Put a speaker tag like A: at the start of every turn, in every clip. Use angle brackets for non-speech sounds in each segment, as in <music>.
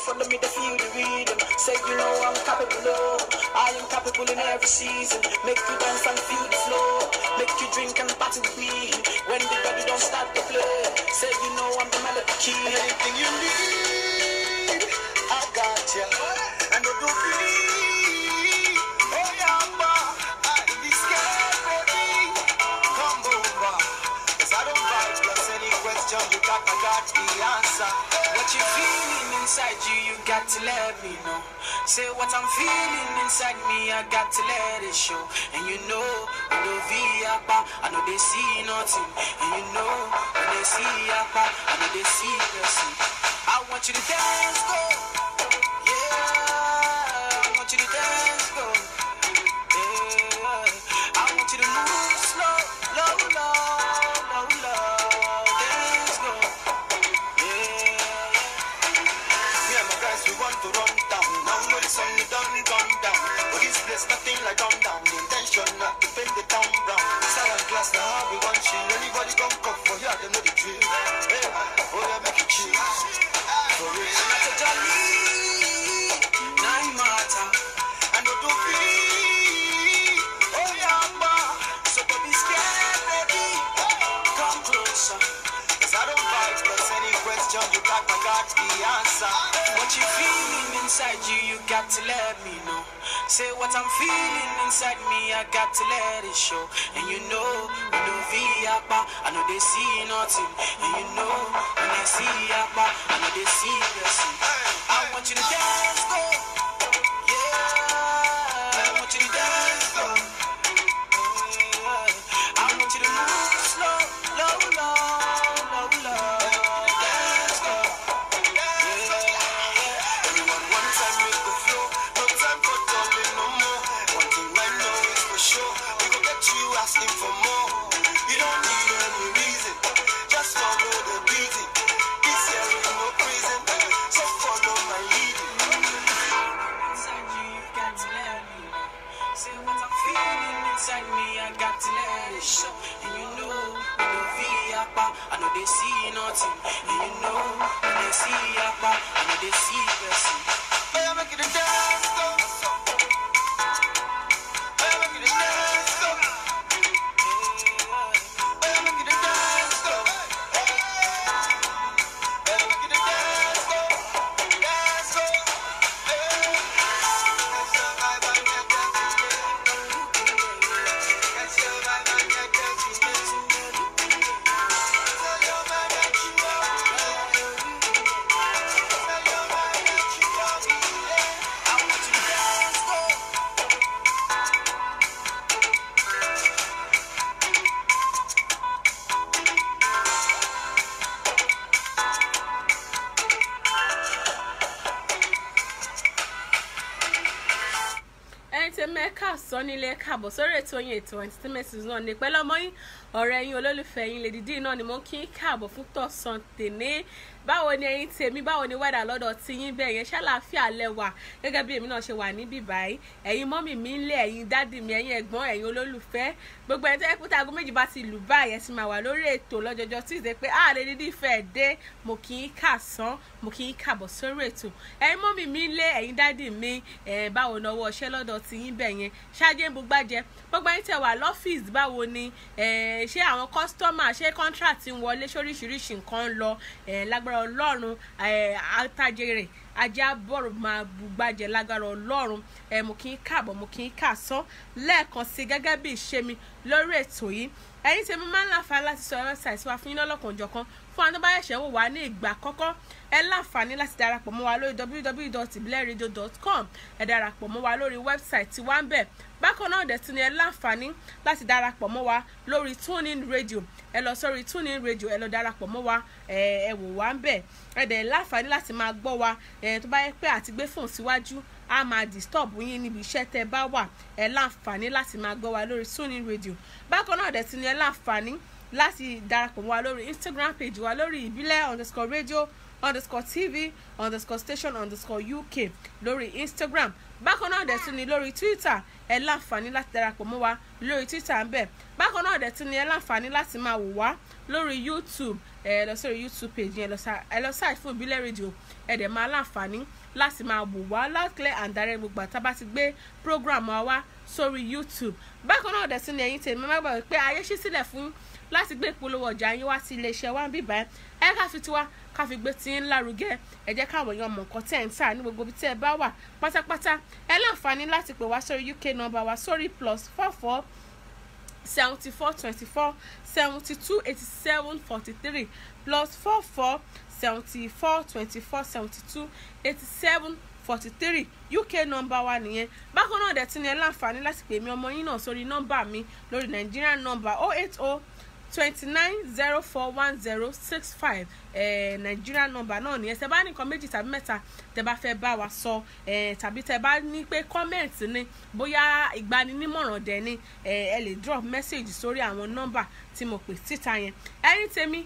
A: follow me to feel the rhythm. Say you know I'm capable of, I am capable in every season. Make you dance and feel the flow, make you drink and party with me. When the body don't start to play, say you know I'm the melody key. anything you need, I got you. And I don't believe. I got the answer. What you feeling inside you, you got to let me know. Say what I'm feeling inside me, I got to let it show. And you know, I know Viapa, I know they see nothing. And you know, when they see Yapa, I know they see nothing. I want you to dance, go. There's nothing like calm down, the intention not to bend the town brown. Silent class, the how one. She Anybody come come for you, I don't know the drill. Hey, oh yeah, make it chill. For real. Nine matter, and oh, don't feel. you got my God the answer. What you feeling inside you, you got to let me know. Say what I'm feeling inside me, I got to let it show. And you know, when do Viapa, I know they see nothing. And you know, when I see Yapa, I know they see the blessing. I want you to dance, go. Yeah, I want you to dance, go.
B: Sọ́nílé káàbọ̀ sórí ètò yín ètò entertainment náà ní pẹ́lú ọmọ yín ọ̀rẹ́ yín olólùfẹ́ yín Lady Dee náà ni mo ń kí káàbọ̀ fún tọ̀sán tèmi báwo ni ẹ̀yin tèmi báwo ni wẹ́dà lọ́dọ̀ tiyín bẹ́ẹ̀ yẹn ṣàlàáfíà lẹ́wà gẹ́gẹ́ bí èmi náà ṣe wà níbí báyìí ẹ̀yin mọ́mì mi ń lé ẹ̀yin dádì mi ẹ̀yin ẹ̀gbọ́n ẹ̀yin olólùfẹ́ gbogbo ẹni tó yẹ kúta aago méjì bá ti lù báyìí ẹ sì máa wà lórí ètò lọ́jọjọ́ tíìsì pé a ah, lè dídí ìfẹ́ dé mo kì í kà sán mo kì í kàbọ̀ sórí ètò ẹ̀yin mọ́mì mi ń lé ẹ̀yin dádì mi ẹ̀ báwo náà wọ ọṣẹ́ lọ́dọ̀ tiyín bẹ́ẹ̀ yẹn ṣáájú ń bugbájẹ gbogbo ẹni tẹ wà lọ́fíìsì báwo ni ṣé àwọn kọ́sítọ́mà ṣé kọ́ńtrà ti ń wọlé ṣoríṣiríṣi nǹkan ń lọ lágbára ọlọ́run àtàjèrè ajá bọ̀rọ̀ máa bugbájẹ lágbára ọlọ́run ẹ̀ mo kì í káàbọ̀ mo kì í kà sán lẹ́ẹ̀kan mi lórí ètò yìí ẹ̀yin ṣe mo máa ń láǹfààní láti sọ ẹ̀rọ ṣàìsí wa fún yín lọ́lọ́kanòjọ̀kan fún àwọn tó bá ṣẹ̀ṣẹ̀ wò wá ní ìgbà àkọ́kọ́ ẹ láǹfààní láti darapọ̀ mọ́ wa lórí www.ibileradio.com ẹ darapọ̀ mọ́ wa lórí wẹ́bsáìtì wa ń bẹ̀ bákan náà dẹ̀ tún ni ẹ láǹfààní láti darapọ̀ mọ́ wa lórí tuning radio ẹ lọ sórí tuning radio ẹ lọ darapọ̀ mọ́ wa ẹ wò wá ń bẹ̀ ẹ dẹ̀ láǹfààní láti máa gbọ́ wa tó bá yẹ pé àti gbé fóònù a máa disturb yín níbi iṣẹ́ tẹ́ bá wà ẹ láǹfààní láti máa gbọ́ wa lórí tuning radio bákan náà dẹ̀ ti ní ẹ láǹfààní láti darapọ̀ wa lórí instagram page wa lórí ìbílẹ̀ underscore radio underscore tv underscore station underscore uk lórí instagram bákan náà dẹ̀ tún ni lórí twitter ẹ láǹfààní láti darapọ̀ mọ́ wa lórí twitter ń bẹ̀ bákan náà dẹ̀ tún ni ẹ láǹfààní láti máa wò wá lórí youtube ẹ lọ sórí youtube page yẹn ẹ lọ sáà fún ìbílẹ̀ rédíò ẹ dẹ̀ máa láǹfààní láti máa wò wá loud clear and direct gbogbo àtàbá ti gbé program wa wá sórí youtube bákan náà dẹ̀sí ni ẹ̀yin tèmi má gbàgbé pé ayé ṣí sílẹ̀ fún láti gbé ìpolówó ọjà yín wá sí iléeṣẹ́ wa ń bíbá ẹ ẹ ká fi tiwa ká fi gbé tiyín lárugẹ ẹ jẹ́ káwọn èèyàn mọ̀ nǹkan tẹ́ ẹ̀ ń tà ní gbogbo ibi tẹ́ ẹ bá wà pátápátá ẹ láǹfààní láti pè wá sórí uk number wa sórí plus four four seventy four twenty four seventy two eighty seven forty three plus four four seventy four twenty four seventy two eighty seven forty three uk number wa nìyẹn bákan náà dẹ̀ tún ní ẹ láǹfààní láti pè mí ọmọ yín náà sórí nọmba mi lórí nàìjíríà nọmba oh eight oh twenty nine zero four one zero six five nàìjíríà eh, nọmba náà nìyẹn tẹ bá ní nǹkan méjì tàbí mẹ́ta tẹ bá fẹ́ bá wa sọ eh, tàbí tẹ bá ní pé kọ́mẹ̀ntì ni bóyá ìgbaninímọ̀ràn dẹ̀ ni eh, ẹ lè drop message sórí àwọn nọ́mbà tí mo pè síta yẹn ẹ̀yin tèmi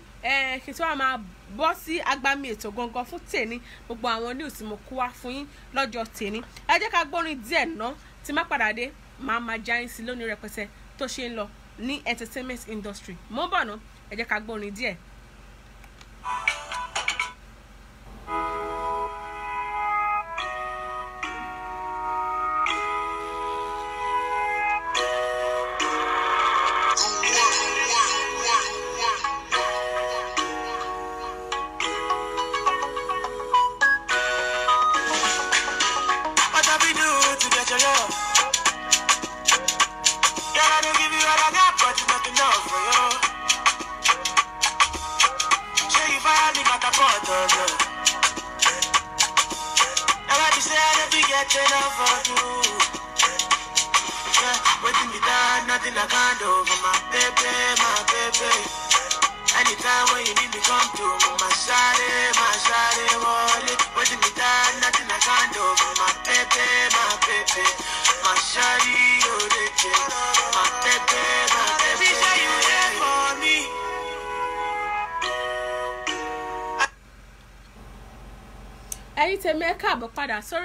B: kí tí wọ́n máa bọ́ sí agbami ètò gangan fún tèmi gbogbo àwọn news tí mo kó wá fún yín lọ́jọ́ tèmi ẹ jẹ́ ká gbórin díẹ̀ ná tí má padà dé màá máa já sí lónìí rẹpẹtẹ tó ṣe ń lọ ní entertainment industry mo ń bọ̀ ná ẹ jẹ́ ká gbọ́ orin díẹ̀.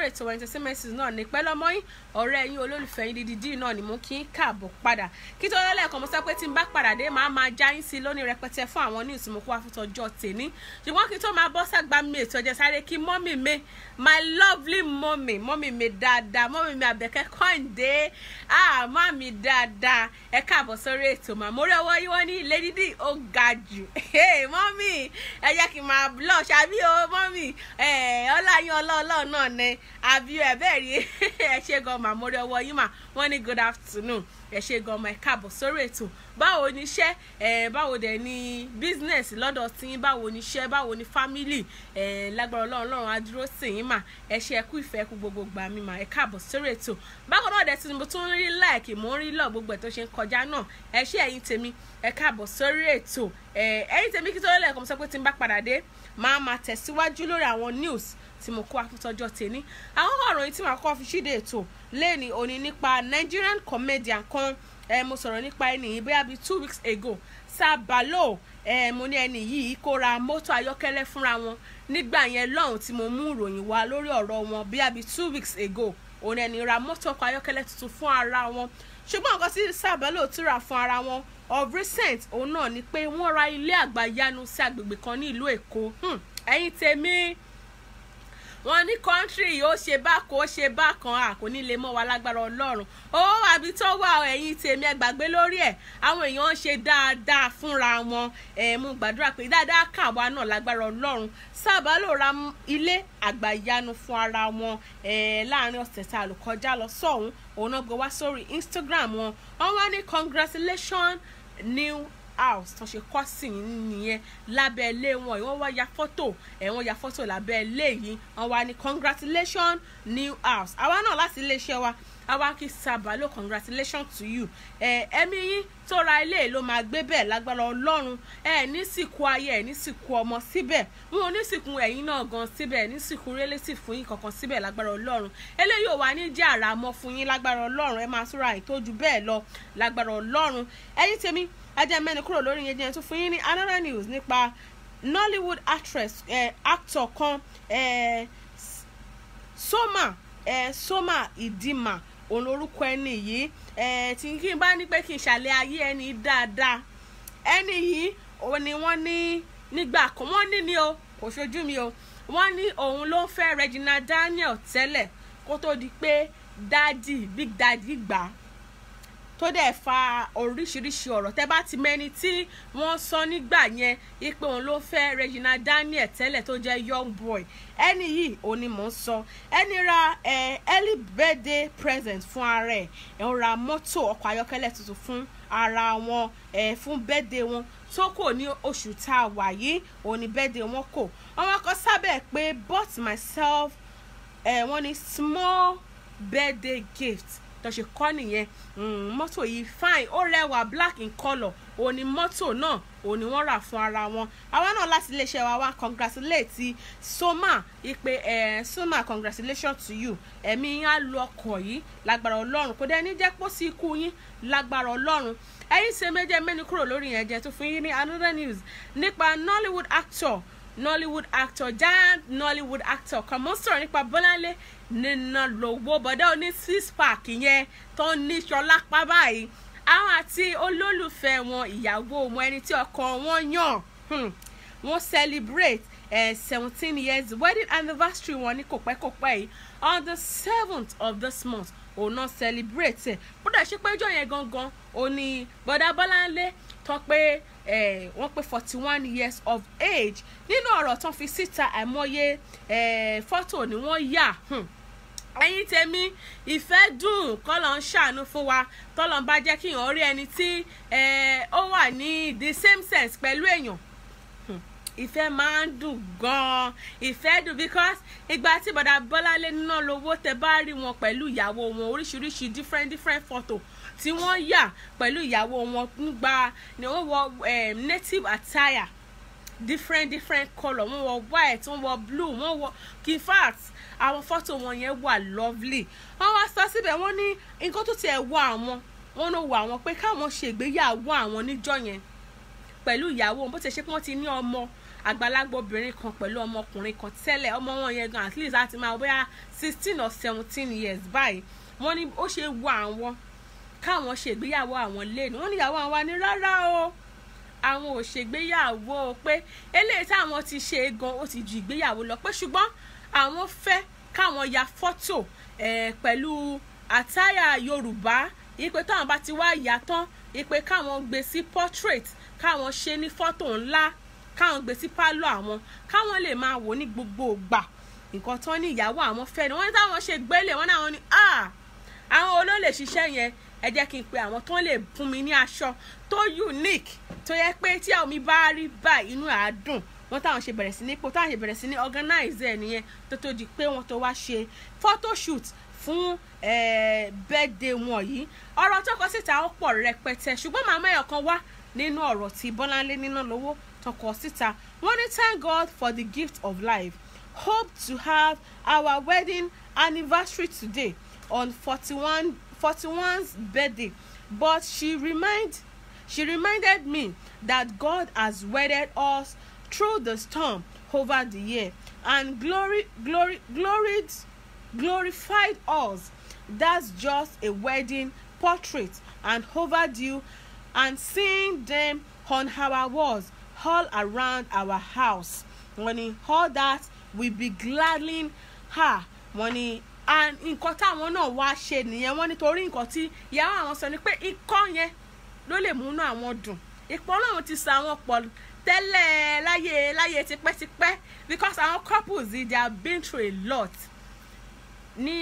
B: ètò entertainment náà ní pẹ́ lọ́mọ́ yín ọ̀rẹ́ yín olólùfẹ́ yín dídí náà ni mo kí ń káàbọ̀ padà kí tó lọ́lẹ́ẹ̀kan mo sọ pé tí n bá padà dé màá máa já yín sí i lónìí rẹpẹtẹ fún àwọn ní ìtumọ̀ kó wá fún tọjọ́ tèmi ṣùgbọ́n kí tó máa bọ́ sàgbà mi ètò ọjọ́ sáré kí mọ́mì mi my lovely mọ́mì mọ́mì mi dáadáa mọ́mì mi àbẹ̀kẹ́ kọ́ńdé ah mọ́mì dáadáa ẹ káàbọ̀ sórí ètò mà mórí ọwọ́ yìí wọ́n ní Lady Dee ó ga jù mọ́mì ẹ jẹ́ kí n máa blush àbí o mọ́mì ọláyún ọlọ́ọ̀lọ́ náà ni àbí ẹ bẹ́ẹ̀ rí <laughs> ẹ ṣe gan mà mórí ọwọ́ yìí mà wọ́n ní good afternoon ẹ ṣe gan ọmọ ẹ káàbọ̀ sórí ètò báwo ni iṣẹ́ ẹ báwo dẹ̀ ni business lọ́dọ̀ tí yín báwo ni iṣẹ́ báwo ni family ẹ lágbára ọlọ́run ọlọ́run á dúró tì yín mà ẹ ṣe ẹkú ìfẹ́ ẹkú gbogbo gbà mí mà ẹ káàbọ̀ sórí ètò bákan náà dẹ̀ tí mo tún rí láìkì mò ń rí lọ gbogbo ẹ̀ tó ṣe ń kọ kọjá náà ẹ ṣé ẹ̀yin tèmi ẹ káàbọ̀ sórí ètò ẹ ẹ̀yin tèmi kí tó lọ́lẹ̀ kọ́ mo sọ pé tí n bá padà dé máa máa tẹ̀síwájú lórí àwọn news tí mo kó akútọ́jọ́ tèmi àwọn ọ̀rọ̀ yìí tí màá kọ́ fi ṣíde ètò lẹ́ni òní nípa Nigerian comedian kan ẹ mo sọ̀rọ̀ nípa ẹni yìí bóyá bíi two weeks ago sábàlò ẹ mo ní ẹni yìí kó ra mọ́tò ayọ́kẹ́lẹ́ fúnra wọn nígbà yẹn lọ́hùn tí mo mú ìròyìn wá lórí ọ̀rọ̀ wọn bóyá bíi two weeks ago òun ẹni ra mọ́tò ọkọ̀ ayọ́kẹ́lẹ́ tuntun fún ara wọn ṣùgbọ́n nǹkan tí sábẹ́lò túra fún ara wọn of recent òun náà ni pé wọ́n ra ilé àgbàyanu sí agbègbè kan ní ìlú èkó hmm, ẹ̀yin tèmi wọn ní kọ́ńtírì ó ṣe bákan ó ṣe bákan a kò ní lè mọ́ wa lágbára ọlọ́run ó àbí tó wà ẹ̀yìn tèmi ẹ gbàgbé lórí ẹ̀ àwọn èèyàn ń ṣe dáadáa fúnra wọn ẹ̀ mú gbàdúrà pé dáadáa kà wá náà lágbára ọlọ́run sábà ló ra ilé àgbàyanu fún ara wọn ẹ̀ láàrin ọ̀sẹ̀ tá a lò kọjá lọ sọ̀hún òun náà gbé wá sórí Instagram wọn wọn wá ní congratulation new house tó ṣe kọ́ sí yín nìyẹn lábẹ́ ilé wọn ìwọ́n wá ya fọ́tò ẹ̀ wọ́n ya fọ́tò lábẹ́ ilé yìí wọ́n wá ní congratulation new house àwa náà láti iléeṣẹ́ wa awaki sabalo congratulations to you eh, ẹ̀mí yín tó ra ilé ló máa gbé bẹ́ẹ̀ lágbára ọlọ́run ẹ̀ eh, ní sìnkú ayé ẹ̀ ní sìnkú ọmọ síbẹ̀ wọn ò ní sìnkú ẹ̀yìn náà gan síbẹ̀ ní sìnkú rélẹ́sì fún yín kankan síbẹ̀ lágbára ọlọ́run eléyìí ò wá ní jẹ́ àràmọ́ fún yín lágbára ọlọ́run ẹ máa súra yín tó ju bẹ́ẹ̀ lọ lágbára ọlọ́run ẹ̀yin tèmi ajá mẹ́ni kúrò lórí yẹn jẹ́ tún fún yín ní another news nípa Nollywood actress eh, actor kan eh, Soma eh, Soma Idima òun lorúkọ ẹni yìí tí kí n bá ní pé kí n ṣàlẹ̀ ayé ẹni dáadáa ẹni yìí òun ni wọ́n ní nígbà kan wọ́n ní ni o kò ṣojú mi o wọ́n ní òun ló ń fẹ́ Regina Daniel tẹ́lẹ̀ kó tó di pé dádì big dádì gbà á tó dẹ̀ fa oríṣiríṣi ọ̀rọ̀ tẹ́ bá ti mẹ́ni tí wọ́n sọ nígbà yẹn ipe òun ló fẹ́ Regina Daniel tẹ́lẹ̀ tó jẹ́ young boy ẹni yìí òun ni mò ń sọ ẹni ra early birthday present fún ara ẹ̀ ẹ̀ ń ra mọ́tò ọkọ̀ ayọ́kẹ́lẹ́ tuntun fún ara wọn ẹ̀ fún birthday wọn tó kò ní oṣù tá a wà yìí òun birthday wọn kò ọmọ kan sábẹ̀ pé bought myself ẹ̀ wọ́n ní small birthday gift tó ṣe kọ́ nìyẹn mm, mọ́tò yìí fine ó rẹwà black in colour òun ni mọ́tò náà òun ni wọ́n rà fún ara wọn àwa náà láti iléeṣẹ́ wa wá congratulate soma ipe eh, ẹ̀ soma congratulations to you ẹ̀mí yín á lu ọkọ̀ yìí lágbára ọlọ́run kò dẹ́ni jẹ́ pọ́ sí ikú yín lágbára ọlọ́run ẹ̀yin ṣe méjì mẹ́ni kúrò lórí yẹn jẹ́ tó fún yín ní another news nípa Nollywood actor nollywood actor giant nollywood actor kan mo ń sọ̀rọ̀ nípa bọ́láńlé nínà lówó bọ́dá oní six pack yẹn tó ní ṣọlá pa báyìí àwọn àti olólùfẹ́ wọn ìyàwó wọn ẹni tí ọkọ wọn yàn hmm, wọ́n celebrate eh, seventeen uh, years wedding anniversary wọn ní kòpẹ́kòpẹ́ yìí on the seventh of this month òun náà celebrate ẹ̀ bọ́dà ṣe pé ọjọ́ yẹn gangan òní bọ́dá bọ́láńlé tán pé eh, wọ́n pé forty one years of age nínú ọ̀rọ̀ tán fi síta àìmọye eh, fọ́tò ni wọ́n yà hmm. ẹ̀yin tèmi ìfẹ́ dùn kọ́lọ̀ ń ṣàánú fún wa tọ́lọ̀ ń bá jẹ́ kí èèyàn rí ẹni tí eh, ó wà ní the same sense pẹ̀lú èèyàn hmm. ìfẹ́ máa ń dùn gan-an ìfẹ́ dùn because ìgbà tí bọ̀dà bọ́lálé náà lówó tẹ bá rí wọn pẹ̀lú ìyàwó wọn oríṣiríṣi different different photo tí wọ́n yà pẹ̀lú ìyàwó wọn ń gba ni wọ́n wọ eh, native attire different different color, wọ́n wọ white wọ́n wọ blue wọ́n wọ in fact àwọn fọ́tò wọn yẹn wà lovely wọ́n wá sọ síbẹ̀ wọ́n ní nǹkan tó tiẹ̀ wọ àwọn wọ́n ló wọ àwọn pé káwọn ṣègbéyàwó àwọn níjọ́ yẹn pẹ̀lú ìyàwó wọn bó ti ṣe pé wọ́n ti ní ọmọ àgbàlagbà obìnrin kan pẹ̀lú ọmọkùnrin kan tẹ́lẹ̀ ọmọ wọn yẹn gan at least láti máa bóyá sixteen or seventeen years báyìí wọ́n ní ó ṣe wọ àwọn káwọn ṣègbéyàwó àwọn lẹ́nu wọ́n níyàwó àwọn wa ní rárá o àwọn ò ṣègbéyàwó o pé eléyìí táwọn ti ṣe gan o ti ju ìgbéyàwó lọ pé ṣùgbọ́n àwọn fẹ́ káwọn ya fọ́tò eh, pẹ̀lú àtàyà Yorùbá ipe táwọn bá ti wá yà tán ipe káwọn gbé sí portrait káwọn ṣe ní fọ́tò ńlá káwọn gbé sí pálọ̀ àwọn káwọn lè máa wò ní gbogbo ìgbà nǹkan tán ní ìyàwó àwọn fẹ́ ni wọ́n ní táwọn ṣe gbélé wọn náà wọn ni àwọn ah, olólè ṣiṣẹ́ yẹn ẹ jẹ́ kí n pe àwọn tó lè fún mi ní aṣọ tó unique tó yẹ pé tí àwọn mi bá rí báyìí inú àádùn wọn táwọn ṣe bẹ̀rẹ̀ sí ní ipò táwọn ṣe bẹ̀rẹ̀ sí ní organize ẹ̀ nìyẹn tó tó di pé wọ́n tó wá ṣe photoshoot fún birthday wọn yìí ọ̀rọ̀ tó kọ síta ó pọ̀ rẹpẹtẹ ṣùgbọ́n màmá ẹ̀yọ̀ kan wá nínú ọ̀rọ̀ tí Bọ́láńlé níná lówó tó kọ síta wọ́n ní thank God for the gift of life hope to have our wedding anniversary today on forty-one 41st birthday but she remind she reminded me that God has wedded us through the storm over the year and glory glory gloried glorified us that's just a wedding portrait and overdue and seeing them on our walls all around our house wọ́n ní all that we be gladly her wọ́n ní nǹkan táwọn náà wá ṣe nìyẹn wọ́n nítorí nǹkan tí ìyàwó àwọn sọ ni pé ikọ́ yẹn ló lè múnú àwọn dùn ìpọ́ ọlọ́run ti sa àwọn pọ̀ tẹ́lẹ̀ láyé láyé tipẹ́tipẹ́ because àwọn couples yìí they have been through a lot ní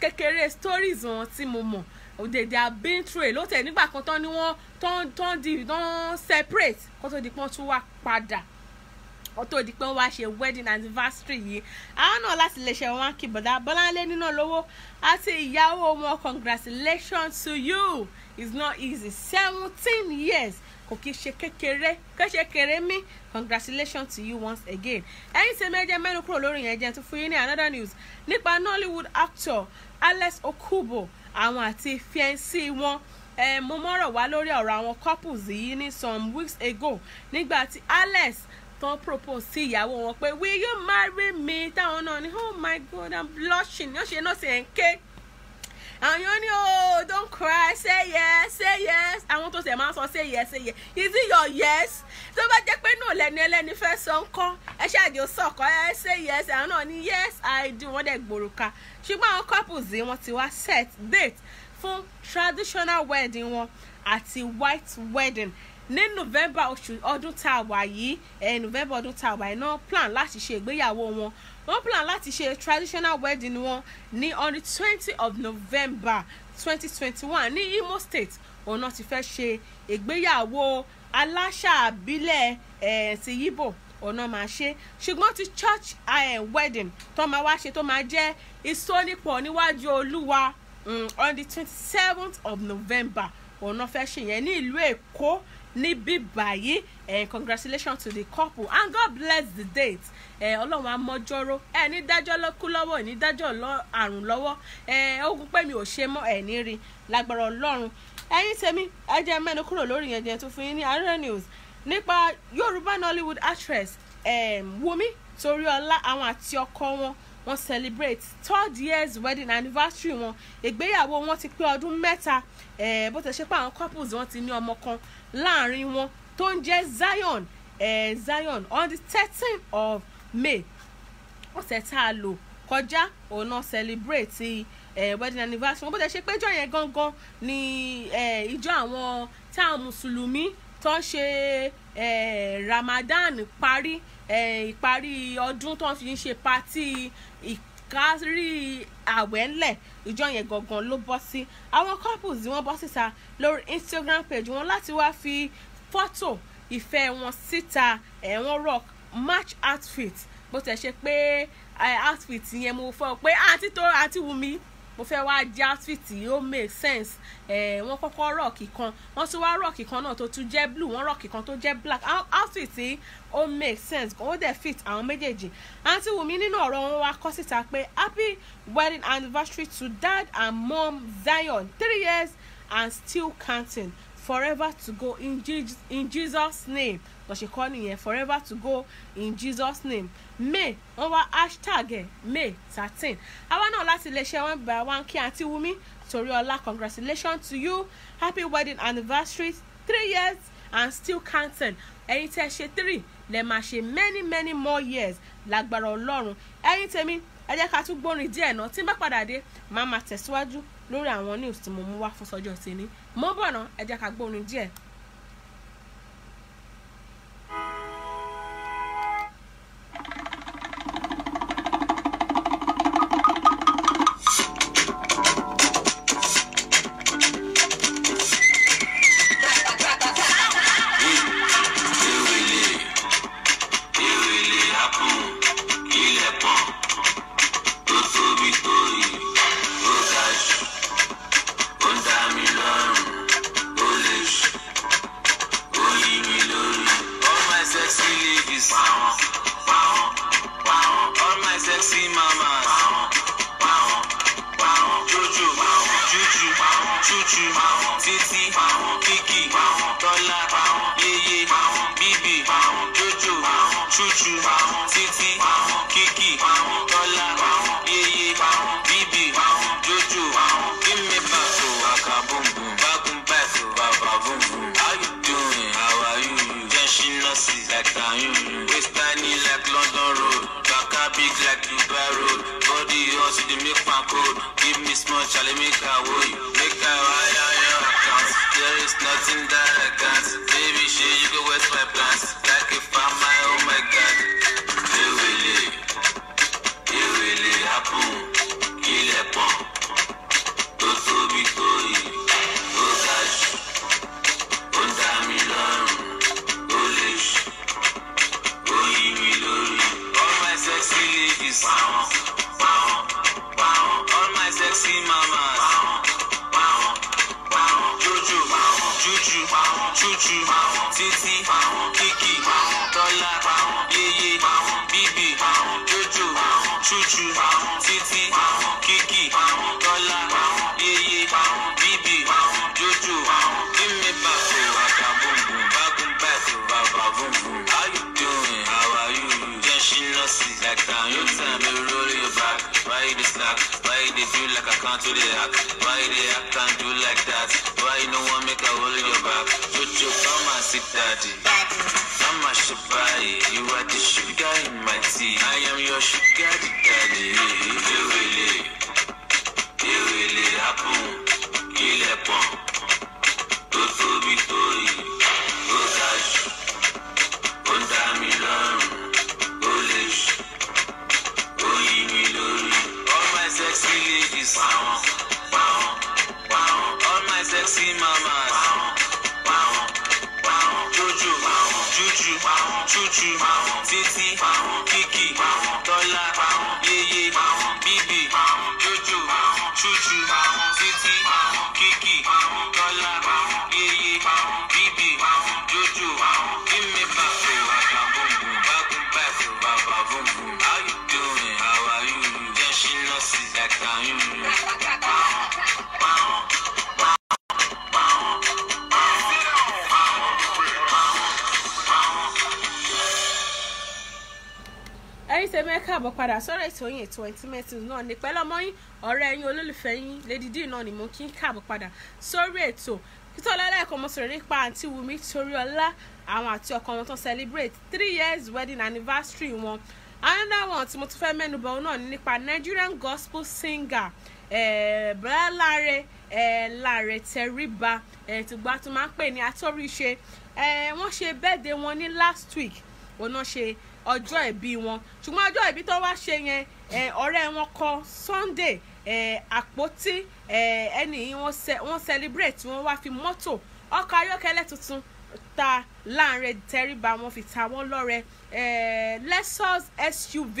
B: kékeré stories wọn tí mo mọ̀ they they have been through a lot ẹ̀ nígbà kan tán ni wọ́n tán tán di tán separate kó tó di pọ́n tún wá padà ó tó di pé wọ́n wá ṣe wedding anniversary yìí àwọn náà láti lè ṣe wọn kí bọ̀dá bọ́láńlé nínú lówó àti ìyàwó wọn congratulations to you it's not easy seventeen years kò kí ṣe kékeré kò ṣe kéré mí congratulations to you once again ẹ̀yin ṣe mẹ́jẹ mẹ́nu kúrò lórí yẹn jẹ́ tún fún yín ní another news nípa Nollywood actor Alex Okubo àwọn àti fiancé wọn mo mọ̀rọ̀ wá lórí ọ̀rọ̀ àwọn couples yìí ní some weeks ago nígbà tí Alex tó propose sí ìyàwó wọn pé will you marry me táwọn náà ní oh my god i'm blushing yóò ṣe náà sì ń ké àwọn yóò ní oh don't cry say yes say yes àwọn tó ṣe máa ń sọ say yes say yes is it your yes tó bá jẹ́ pé náà lẹ́ni ẹlẹ́ni fẹ́ sọ ń kọ́ ẹ ṣáàjì ó sọ̀kọ́ ẹ eh, say yes àwọn náà ní yes i do wọ́n dẹ̀ gbòròkà ṣùgbọ́n àwọn couples yìí wọ́n ti wá set date fún traditional wedding wọn àti white wedding ní november oṣù ọdún tá a wà yìí ẹ november ọdún tá a wà yìí náà plan láti ṣe ìgbéyàwó wọn wọ́n plan láti ṣe traditional wedding wọn ní on the twenty of november twenty twenty one ní imo state òun náà ti fẹ́ ṣe ìgbéyàwó aláṣà àbílẹ̀ ẹ̀ ti yíbò ọ̀nà máa ṣe ṣùgbọ́n ti church uh, wedding tó máa wá ṣe tó máa jẹ́ ìsọnípọ̀ níwájú olúwa um, on the twenty seventh of november ọ̀nà fẹ́ ṣe yẹn ní ìlú èkó níbí báyìí eh, congratulations to the couple and God bless the date eh, ọlọ́run eh, amọ́jọ́rọ́ ẹ eh, ní dájọ́ ló kú lọ́wọ́ ẹ ní dájọ́ lọ àrùn lọ́wọ́ ẹ eh, ogun pé mi ò ṣe mọ́ ẹ ní rí lágbára ọlọ́run ẹyin tèmi ẹ jẹ́ mẹ́nu kúrò lórí yẹn jẹ́ tó fún yín ní arena news nípa Yorùbá Nollywood actress um, eh, Wumi Toriola àwọn àti ọkọ wọn wọ́n celebrate third year's wedding anniversary wọn ìgbéyàwó wọn ti pé ọdún mẹ́ta bó ti ṣe pé àwọn couples wọn ti ní ọmọ kan láàrin wọn tó ń jẹ́ Zion eh, Zion on the thirteen of May ọ̀sẹ̀ tá a lò kọjá òun celebrate eh, wedding anniversary wọn bó ti ṣe péjọ yẹn gangan ni eh, ìjọ àwọn táwọn mùsùlùmí tó ń ṣe eh, Ramadan parí eh, ìparí ọdún tó ń fi ṣe pati ìparí kárí àwẹ̀ ńlẹ̀ ìjọ yẹn gangan ló bọ́ sí àwọn couples wọ́n bọ́ síta lórí Instagram page wọn láti wá fi fọ́tò ìfẹ́ wọn síta ẹ̀wọ̀n rock match outfit bó tẹ̀ ṣe pé outfit yẹn mo fọ́ pé àti tó àti wù mí mo fẹ́ wá jẹ́ outfit ó make sense ẹ̀ eh, wọ́n kọ́kọ́ rọ́ọ̀kì kan wọ́n tún wá rọ́ọ̀kì kan náà tó tún jẹ́ blue wọ́n rọ́ọ̀kì kan tó jẹ́ black outfit ó make sense ó dẹ̀ fit àwọn méjèèjì àǹtí Wùmí nínú ọ̀rọ̀ wọn wá kọ́ síta pé happy wedding anniversary to dad and mom Zion three years and still counting forever to go in, Je in jesus name lọ ṣe kọ́ nìyẹn forever to go in jesus name may wọ́n wá hashtag ẹ̀ may thirteen àwa náà láti iléeṣẹ́ wọn bá wa ń kí àǹtí wumi toriola congratulations to you happy wedding anniversary three years and still counting ẹ̀yin tẹ́ ṣe three lẹ́ máa ṣe many many more years lágbára ọlọ́run ẹ̀yin tèmi ẹ jẹ́ ká tún gbórin díẹ̀ náà tí n bá padà dé màá máa tẹ̀síwájú lórí àwọn news tí mo mú wá fún sọ́jọ́ tèmi mọ́ bọ̀ náà ẹ díẹ̀.
C: my code. Give me small, Charlie, make her way. Make yeah. wire, There is nothing that I can to the act. Why the act and do like that? Why no one make a hold your back? Jojo, come and sit daddy. I'm a shabai, you are the sugar in my tea. I am your sugar daddy.
D: see my mind. Jojo, Juju, Chuchu, Titi, Kiki.
B: káàbọ̀ padà sọ́rọ̀ ètò yín ètò ẹ̀ńtímẹ́tìs náà ní pẹ́lú ọmọ yín ọ̀rẹ́ yín olólùfẹ́ yín Lady D, náà ni mo kí ń káàbọ̀ padà sórí ètò títọ́lá lẹ́ẹ̀kan mo sọ̀rọ̀ nípa àǹtí Wumi Toríọlá àwọn àti ọkọ wọn tó celebrate three years wedding anniversary wọn another one tí mo tún fẹ́ mẹ́nubà òun náà nípa Nigerian gospel singer eh, bẹ́ẹ̀ láre eh, láre tẹríba eh, tùgbà tó máa ń pè ní atóríṣe wọ́n ṣe birthday wọn ní last week òun náà ṣe ọjọ́ ìbí wọn ṣùgbọ́n ọjọ́ ìbí tó wá ṣe yẹn ọ̀rẹ́ wọn kọ Sunday àpótí ẹni yìí wọ́n celebrate wọ́n wá fi mọ́tò ọkọ̀ ayọ́kẹ́lẹ́ tuntun ta Láńrè Tẹríba wọ́n fi ta wọ́n lọ́rẹ Lexus SUV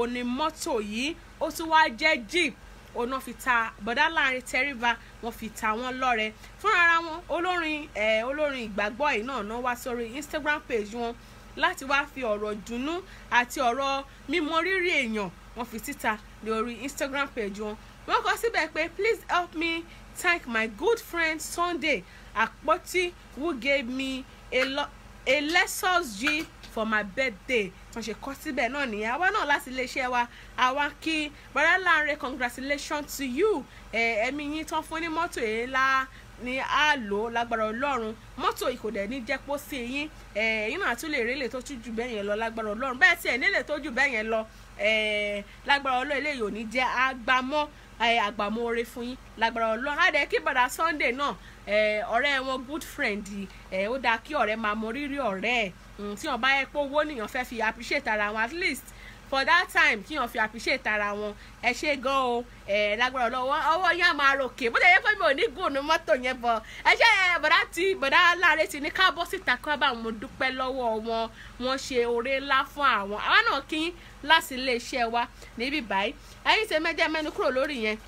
B: òní mọ́tò yìí ó tún wá jẹ́ jeep òun náà fi ta bọ̀dá Lanre Teriba wọ́n fi ta wọ́n lọ́rẹ fúnra wọn olórin olórin ìgbàgbọ́ yìí náà náà wá sórí Instagram page wọn láti wá fi ọ̀rọ̀ dùnnú àti ọ̀rọ̀ mímọ rírì èèyàn wọ́n fi síta lórí Instagram page wọn wọ́n kọ síbẹ̀ pé please help me thank my good friend Sunday Akpoti who gave me a, a lessons g for my birthday wọ́n ṣe kọ síbẹ̀ náà nìyẹn àwa náà láti iléeṣẹ́ wa àwa kí Bọ́lá Láńre congratulations to you ẹ̀ẹ́mí yín tán fún ní mọ́tò èélá ni a lò lágbára ọlọ́run mọ́tò ìkòdẹ̀ ní jẹ́pọ̀ sí yín ẹ̀yin náà tún lè rí ilé tó tún jù bẹ́ẹ̀ yẹn lọ lágbára ọlọ́run bẹ́ẹ̀ tiẹ̀ nílé tó jù bẹ́ẹ̀ yẹn lọ lágbára ọlọ́run eléyìí ò ní jẹ́ agbámọ́ àgbàmọ́ fún yín lágbára ọlọ́run àdẹ kí bàdà Sunday náà ọ̀rẹ́ wọn good friend ó dáa kí ọ̀rẹ́ máa mọ rírì ọ̀rẹ́ ẹ̀ hmm, tí wọ́n bá yẹ pé owó nìyàn fẹ́ fi appreciate ara wọn at least for that time kí wọn fi appreciate ara wọn ẹ ṣe gan o ẹ lágbára ọlọ́wọ́ ọwọ́ yẹn á máa ròkè bó ṣe yẹ pé mi ò ní gùnù mọ́tò yẹn bọ̀ ẹ ṣe bọ̀dá ti bọ̀dá láre ti ní káàbọ̀ síta kí wọ́n bá wọn dúpẹ́ lọ́wọ́ wọn wọ́n ṣe oore ńlá fún àwọn àwa náà kí láti iléeṣẹ́ wa níbí báyìí ẹ̀yin ṣe mẹ́jẹ mẹ́nu kúrò lórí yẹn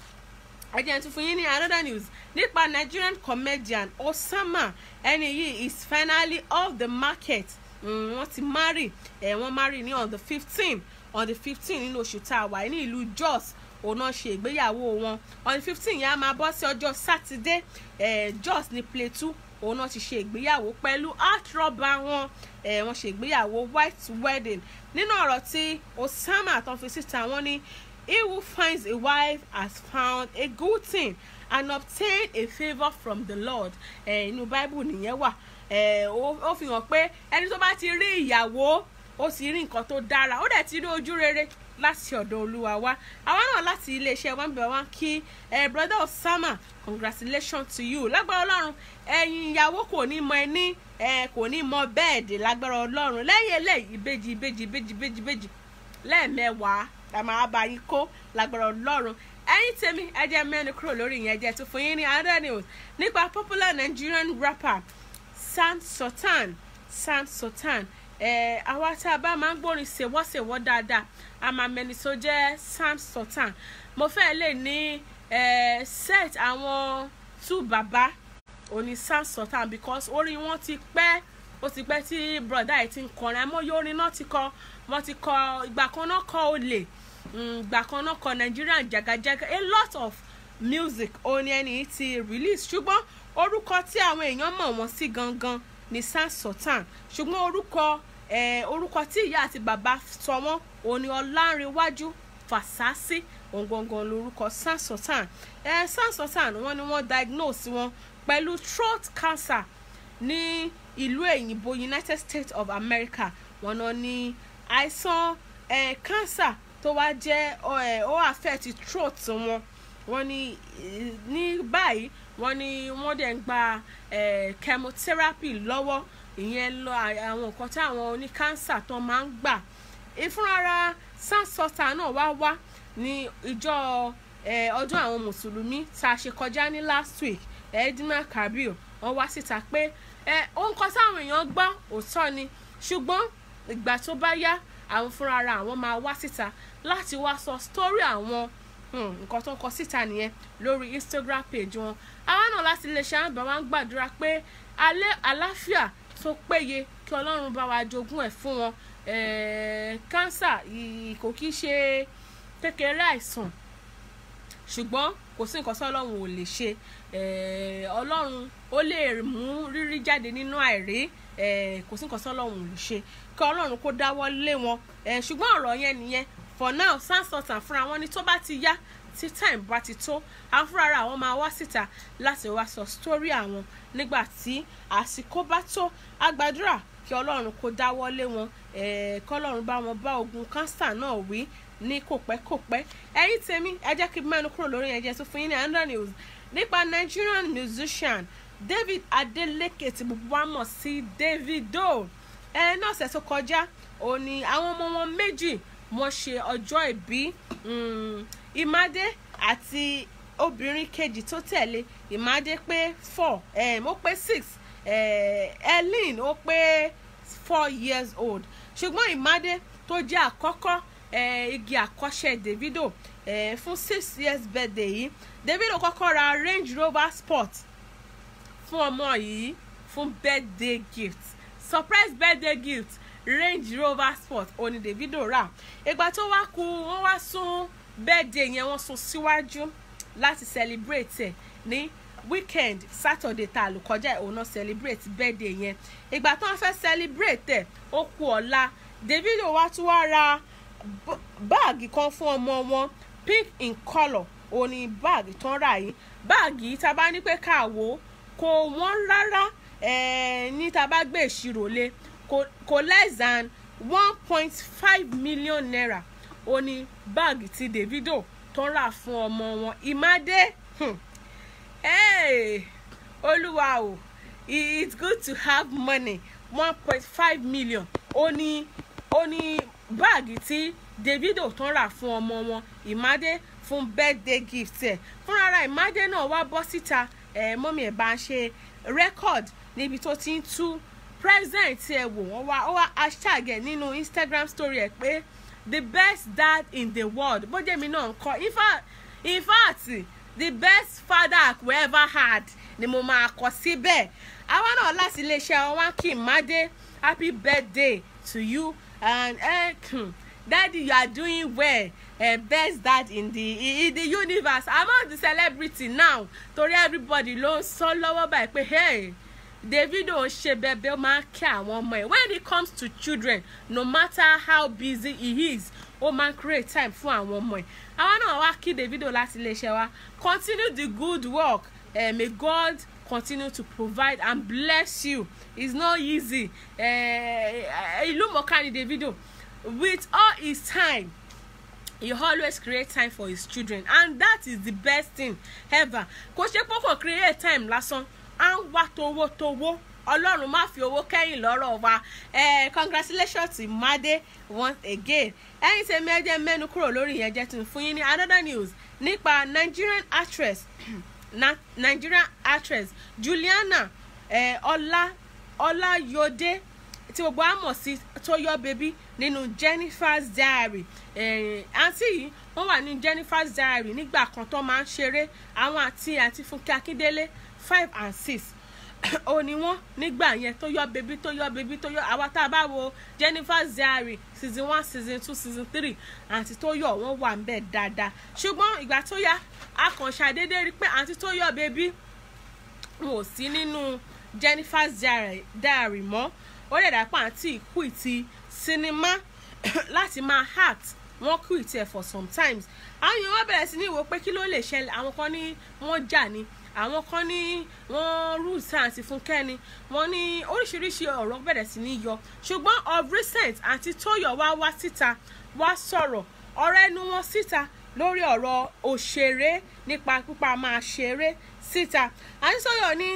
B: ẹ̀jẹ̀ tún fún yín ní another news nípa Nigerian comedian Osama ẹni yìí is finally off the market hmm, wọ́n ti marry ẹ̀ wọ́n marry ní on the fifteen on the fifteen nínú oṣù tá a wà ní ìlú Jos òun náà ṣe ìgbéyàwó wọn on the fifteen yẹn a máa bọ́ sí ọjọ́ sátidé eh, Jos ní Plateau òun náà ti ṣe ìgbéyàwó pẹ̀lú atroba wọn eh, wọ́n ṣe ìgbéyàwó white wedding nínú ọ̀rọ̀ tí Osama tán fi síta wọ́n ní he who finds a wife has found a good thing and obtained a favour from the Lord eh, inú Bible nìyẹn wà eh, ó fi hàn pé ẹni tó bá ti rí ìyàwó ó sì rí nǹkan tó dára ó dẹ̀ ti rí ojú rere láti ọ̀dọ̀ olúwa wa àwa náà láti iléeṣẹ́ one by one kí ẹ brother Osama congratulations to you lágbára ọlọ́run ẹ̀yin ìyàwó kò ní mọ ẹni ẹ kò ní mọ bẹ́ẹ̀dì lágbára ọlọ́run lẹ́yìn eléyìí ìbejì ìbejì ìbejì ìbejì ìbejì lẹ́ẹ̀mẹwàá la máa bá yín kó lágbára ọlọ́run ẹ̀yin tèmi ẹ jẹ́ mẹ́nu kúrò lórí ìyẹn jẹ́ tó fún yín ní another news nípa popular Nigerian rapper Sam Sultan Sam Sultan àwa tá a bá máa ń gbórin ṣèwọ́ṣèwọ́ dáadáa a máa mẹni tó jẹ́ Sam Sultan mo fẹ́ lè ní set àwọn two bàbá òní Sam Sultan because orí wọn ti pẹ́ ó ti pẹ́ tí broda ẹ̀ ti ń kọrin amóyó orin náà ti kọ wọ́n ti kọ ìgbà kan náà kọ olè mm, ìgbà kan náà kọ Nigerian jagajaga a lot of music òní ẹni ti release ṣùgbọ́n orúkọ tí àwọn èèyàn mọ̀ wọ́n sí gangan ni Sam Sultan ṣùgbọ́n orúkọ orúkọ tí ìyá àti bàbá sọ wọ́n òun ni ọlárẹ̀wájú fàṣásí òǹgangan lórúkọ sansotan sansotan wọ́n ní wọ́n diagnose wọn pẹ̀lú throat cancer ní ìlú èyìnbó United States of America wọ́n náà ní àìsàn cancer tó wá jẹ́ ó affect throat wọn wọ́n ni ní báyìí wọ́n ní wọ́n dẹ̀ ń gba chemotherapy lọ́wọ́ ìyẹn lọ àwọn nǹkan tí àwọn oníkánsà tán máa ń gbà ìfúnrara sansọta náà wá wá ní ìjọ ọdún àwọn mùsùlùmí tá a ṣe kọjá ní last week edina kabir wọn wá síta pé ohun kan táwọn èèyàn gbọ́ òótọ́ ni ṣùgbọ́n ìgbà tó bá yá àwọn fúnrara àwọn máa wá síta láti wá sọ sítórì àwọn hmm, nǹkan tó ń kọ síta nìyẹn lórí instagram page wọn àwa náà láti iléeṣẹ́ àbá wa ń gbàdúrà pé àlàáfíà tó péye kí ọlọ́run bá wa jogún ẹ̀ fún wọn kánsà eh, kò kí ṣe kékeré àìsàn ṣùgbọ́n kò sí nǹkan tí ọlọ́run ò lè ṣe eh, ọlọ́run ó lè mú rírí jáde nínú àìrí eh, kò sí nǹkan tí ọlọ́run ò lè ṣe kí ọlọ́run kó dáwọ́ lé wọn ṣùgbọ́n ọ̀rọ̀ yẹn nìyẹn for now SANS Sultan fúnra wọn ni tó bá ti yá tí time bá ti tó afúrára àwọn máa wá síta láti wá sọ sítórí àwọn nígbà tí àsìkò bá tó àgbàdúrà kí ọlọ́run kó dáwọ́ lé wọn kọ́lọ́run bá wọn bá ogun kánsà náà wí ní kòpẹ́kòpẹ́ ẹ̀yin tèmi ẹ jẹ́ kí mẹ́nu kúrò lórí ẹ̀jẹ̀ tó fún yín ní andra news nípa Nigerian musician David Adeleke tí gbogbo wa mọ̀ sí Davido ẹ̀ náà ṣẹ̀ tó kọjá òní àwọn ọmọ wọn méjì wọ́n ṣe ọjọ́ ìbí ìmádé mm, àti obìnrin kejì tó tẹ̀lé ìmádé pé four um, ó pé six um, ellen ó pé four years old ṣùgbọ́n ìmádé tó jẹ́ àkọ́kọ́ um, igi àkọ́ṣe davido fún six years birthday yìí davido kọ́kọ́ ra range rover sport fún ọmọ yìí fún birthday gift surprise birthday gift range rover sport òní davido rà ìgbà tó wá kú wọ́n wá sún birthday yẹn wọ́n sún síwájú láti celebrate ẹ̀ ní weekend saturday tá a lò kọjá òun náà celebrate birthday yẹn ìgbà tó wọ́n fẹ́ celebrate ẹ̀ ó kú ọ̀la davido wá tún wá ra báàgì kan fún ọmọ wọn pink in colour òun ni báàgì tán rà yìí báàgì yìí tá a bá ní pé ká wò kò wọ́n rárá ní tá bá gbé ìṣirò lé kò kò less than one point five million naira ó ní báàgì tí Davido tó ń rà fún ọmọ wọn Imade hmm. hey, olúwa o it's good to have money one point five million ó ní ó ní báàgì tí Davido tó ń rà fún ọmọ wọn Imade fún birthday gift ẹ̀ fúnra Imade náà wá bọ́ síta ẹ̀ mọ́mí ẹ̀ bá ń ṣe record níbi tó ti ń tú present tí ẹ wò wọ́n wá ó wá hashtag ẹ̀ nínú instagram story ẹ̀ pé the best dad in the world bójẹ́mi náà ń kọ́ in fact the best father I could ever had ni mo máa kọ síbẹ̀ àwa náà láti iléeṣẹ́ ọwá kì í má dé happy birthday to you and eh, <clears throat> daddy you are doing well uh, best dad in the in the universe among the celebrity now torí everybody ló ń sọ lọ́wọ́ báyìí pé hey davido ṣe bẹbẹ ó máa ń kí àwọn ọmọ ẹ when it comes to children no matter how busy he is ó máa ń create time fún àwọn ọmọ ẹ àwa náà wá kí davido láti iléeṣẹ́ wa continue the good work uh, may god continue to provide and bless you it's not easy eh, ìlúmọ̀ọ́ká uh, ni davido with all his time he always create time for his children and that is the best thing ever kò ṣe pọ́kàn create time lásán à ń wá towótowó ọlọ́run má fi owó kẹ́yìn lọ́rọ̀ wa congratulations to Made once again ẹ̀yin tèmi ẹ jẹ́ mẹ́nu kúrò lórí ìyẹn jẹ́ tún fún yín ní another news nípa Nigerian actress Nigerian actress Juliana ọlá ọláyọdé tí gbogbo á mọ̀ sí tóyọ́ bèbí nínú Jennifer's Diary àǹtí yìí wọ́n wà ní Jennifer's Diary nígbà kan tó máa ń ṣeré àwọn àti àti Fúnkẹ́ Akíndélé five and six ó <coughs> ní wọ́n nígbà yẹn tó yọ bèbí tó yọ bèbí tó yọ àwa tá a bá wo Jennifer Ziari season one season two season three àǹtí tó yọ wọ́n wà ń bẹ̀ dáadáa ṣùgbọ́n ìgbà tó yá akànṣe àdédé rí pé àǹtí tó yọ bèbí wọn ò sí nínú Jennifer Ziari mọ́ ó lè dàpọ̀ àǹtí quit sinimá <coughs> láti máa act wọ́n quit ẹ̀ for sometimes àwọn èèyàn wọ́n bẹ̀rẹ̀ sí ní wò pé kí ló lè ṣẹlẹ̀ àwọn kan ní wọ́n jà ní àwọn kan ní wọ́n rúùsì àǹtí Fúnkẹ́ ni wọ́n ní oríṣiríṣi ọ̀rọ̀ bẹ̀rẹ̀ sí ní yọ ṣùgbọ́n of recent àǹtí Tóyọ̀ wá wá síta wá sọ̀rọ̀ ọ̀rọ̀ ẹnu wọn síta lórí ọ̀rọ̀ òṣèré nípa pípa máa ṣeré síta àǹtí Tóyọ̀ ní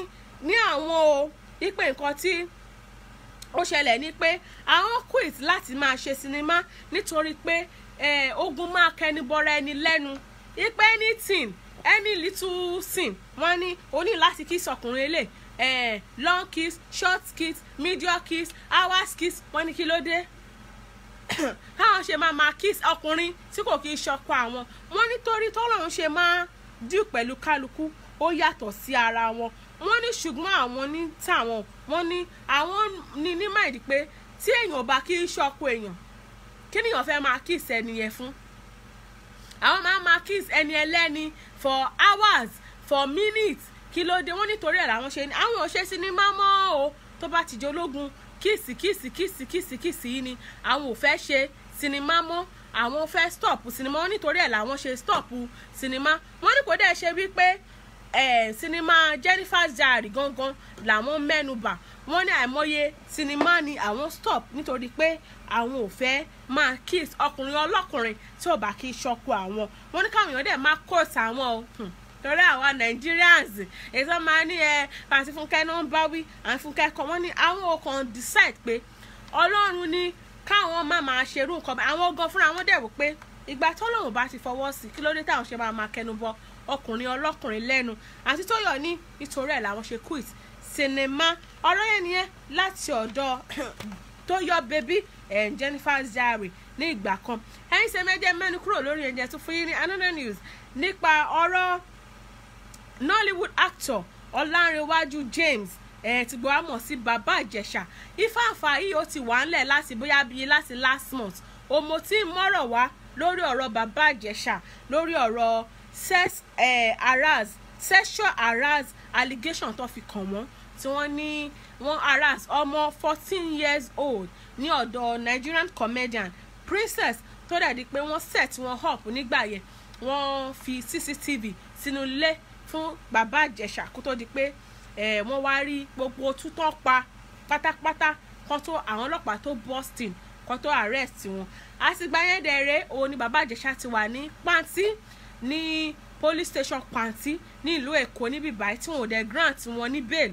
B: ní àwọn o ipe nǹkan tí ó ṣẹlẹ̀ ni pé àwọn quit láti máa ṣe sinimá nítorí pé eh, ogun máa kẹni bọra ẹni lẹ́nu ipe anything any little thing wọ́n ní o ní láti kiss ọkùnrin eléyìí eh, long kiss short kiss medium kiss hours kiss wọ́n ní kí ló dé káwọn <coughs> ṣe máa máa kiss ọkùnrin tí kò kí í ṣọkọ àwọn wọ́n nítorí tọ́lọ́run ṣe máa díù pẹ̀lú kálukú ó yàtọ̀ sí ara wọn wọ́n ní ṣùgbọ́n àwọn ní tàwọn wọ́n ní àwọn ní nímọ̀ ìdí pé tí èèyàn bá kí í ṣọkọ èèyàn kí nìyàn fẹ́ máa kiss ẹni yẹn fún àwọn máa máa kiss ẹni ẹlẹ́ni for hours for minutes kí ló dé wọn nítorí ẹ̀ làwọn ṣe ni àwọn ò ṣe sinimá mọ́ o tó bá ti jẹ́ ológun kìsì kìsì kìsì kìsì kìsì yìí ni àwọn ò fẹ́ ṣe sinimá mọ́ àwọn fẹ́ stop sinimá wọn nítorí ẹ̀ làwọn ṣe stop sinimá wọn ní kò dẹ́ ṣe wípé Eh, sinimá Jennifer's Diary gangan làwọn mẹ́nubà wọ́n ní àìmọye sinimá ni àwọn stop nítorí pé àwọn ò fẹ́ máa kiss ọkùnrin ọlọ́kùnrin tí ò bá kí ṣọkọ àwọn wọ́n ní káwọn èèyàn dẹ̀ máa kóòtù àwọn o hmm. torí àwa Nigerians èyí tó máa ní ẹ eh, pàṣẹ fúnkẹ́ náà ń bá wí àti fúnkẹ́ kọ́ wọ́n ní àwọn ò kàn decide pé ọlọ́run ní káwọn má máa ṣerú nǹkan àwọn gan fúnra wọn dẹ̀ wò pé ìgbà tọ́lọ́run bá ti fọwọ́ sí kí ló dé táwọn ṣe máa máa kẹnu bọ ọkùnrin ọlọ́kùnrin lẹ́nu àti tóyọ̀ ní nítorí ẹ̀ làwọn ṣe quit sinimá ọ̀rọ̀ yẹn nìyẹn láti ọ̀dọ̀ <clears throat> tóyọ̀ bébí ẹ̀ Jennifer Zari ní ìgbà kan ẹ̀yin ṣe méje mẹ́nu kúrò lórí ẹ̀jẹ̀ tó fún yín ní another news nípa ọ̀rọ̀ Nollywood actor Ọlárìnwájú James ẹ ti gbọ́ àmọ̀ sí Bàbá Ìjẹ̀ṣà ifáàfà yìí ó ti wà ńlẹ̀ láti bóyá bíi láti last month òmò tí ń mọ́rọ̀ wá lórí ọ̀rọ̀ Bàbá Ìjẹ̀ṣà lórí ọ̀rọ̀ sex eh, harass sexual harass allegation tó fi kàn wọ́n tí wọ́n ní wọ́n harass ọmọ fourteen years old ní ọ̀dọ̀ Nigerian comedian Princess tó dẹ̀ di pé wọ́n set wọn up nígbà yẹn wọ́n fi CCTV sínú ilé fún bàbá Ìjẹ̀ṣà kó tó di pé eh, wọ́n wá rí gbogbo tútọ́ pa pátápátá kan tó àwọn ọlọ́pàá tó Boston kan tó arrest wọn àtìgbà yẹn dẹ̀ òun ni bàbá Ìjẹ̀ṣà ti wà ní pàǹtí ní police station Panti ní ìlú Èkó níbí báyìí tí wọn ò dẹ̀ grant wọn ní bail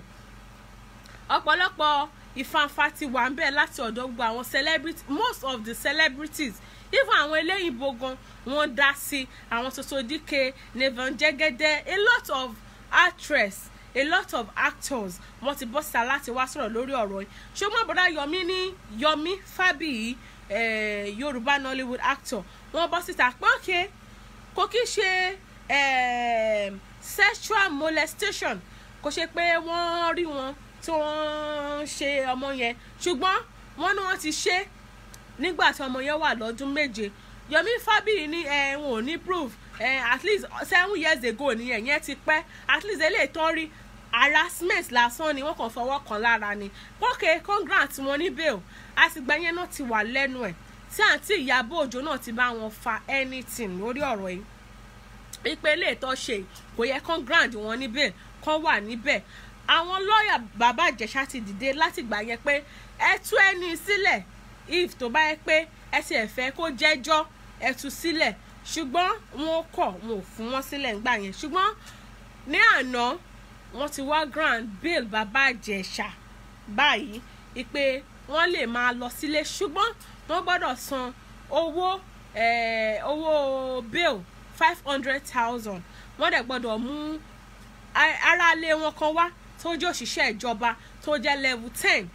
B: ọ̀pọ̀lọpọ̀ ìfàǹfà ti wà ń bẹ̀ láti ọ̀dọ̀ gbogbo àwọn celebrity most of the celebrities even àwọn eléyìnbó gan wọn dá sí àwọn Sosodike Nevin Jegede a lot of actress a lot of actors wọn ti bọ́ síta láti wá sọ̀rọ̀ lórí ọ̀rọ̀ yìí ṣùgbọ́n bọ́dá Yomi ní Yomi Fabi eh, Yorùbá Nollywood actor wọn bọ́ síta pé okay kò kí ṣe ehm, sexual molestation kò ṣe pé wọ́n rí wọn tí wọ́n ṣe ọmọ yẹn ṣùgbọ́n wọ́n ní wọ́n ti ṣe nígbà tí ọmọ yẹn wà lọ́dún méje Yomi Fabiyi ní ẹ̀hún ò ní proof at least seven years ago nìyẹn yẹn ti pẹ́ at least eléyìí tán rí harassment lásán ni wọ́n kàn fọwọ́ kan lára ni kókè congrats wọn ní bail àtìgbà yẹn náà ti wà lẹ́nu ẹ̀ tí àǹtí ìyàbọ̀ òjò náà ti bá wọn fa anything lórí ọ̀rọ̀ yìí wípé ilé ìtọ́ ṣe kò yẹ kán grand wọn níbẹ̀ kán wà níbẹ̀ àwọn lọ́ọ̀yà bàbá ìjẹ̀ṣà ti dìde látìgbà yẹn pé ẹ tú ẹni sílẹ̀ if tó bá yẹ pé ẹ ti ẹ̀ fẹ́ kó jẹ́jọ́ ẹ tú sílẹ̀ ṣùgbọ́n wọn kọ̀ wọn ò fún wọn sílẹ̀ ńgbà yẹn ṣùgbọ́n ní àná wọn ti wá grand bail bàbá ìjẹ̀ṣà báyìí ìpè wọ́n lè máa lọ sílé ṣùgbọ́n tó gbọ́dọ̀ san owó eh, owó bail five hundred thousand wọ́n dẹ̀ gbọ́dọ̀ mú aráalé wọn kan wá tó jẹ́ òṣìṣẹ́ ìjọba tó jẹ́ level ten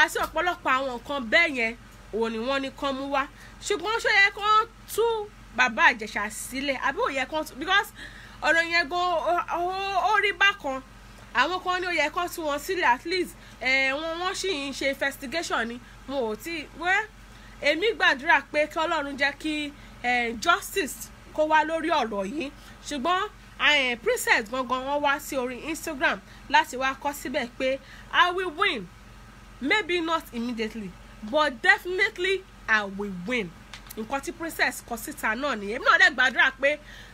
B: àti ọ̀pọ̀lọpọ̀ àwọn nǹkan bẹ́ẹ̀ yẹn òun ni wọ́n ní kán mú wá ṣùgbọ́n ṣó yẹ kán tú bàbá Ìjẹ̀ṣà sílẹ̀ àbí ó yẹ kán tú because ọ̀rọ̀ yẹn gan ó rí bákan àwọn kan ní ó yẹ kán tú wọn sílẹ̀ at least eh, wọ́n ṣì ń ṣe investigation ni mo ò tí wẹ́ẹ́ èmi gbàdúrà pé kí ọlọ́run jẹ́ kí justice kó wá lórí ọ̀rọ̀ yìí ṣùgbọ́n princess gangan wọn wá sí orí instagram láti wá kọ síbẹ̀ pé i will win maybe not immediately but definitely i will win nǹkan tí princess kọ síta náà nìyẹn èmi náà dẹ̀ gbàdúrà pé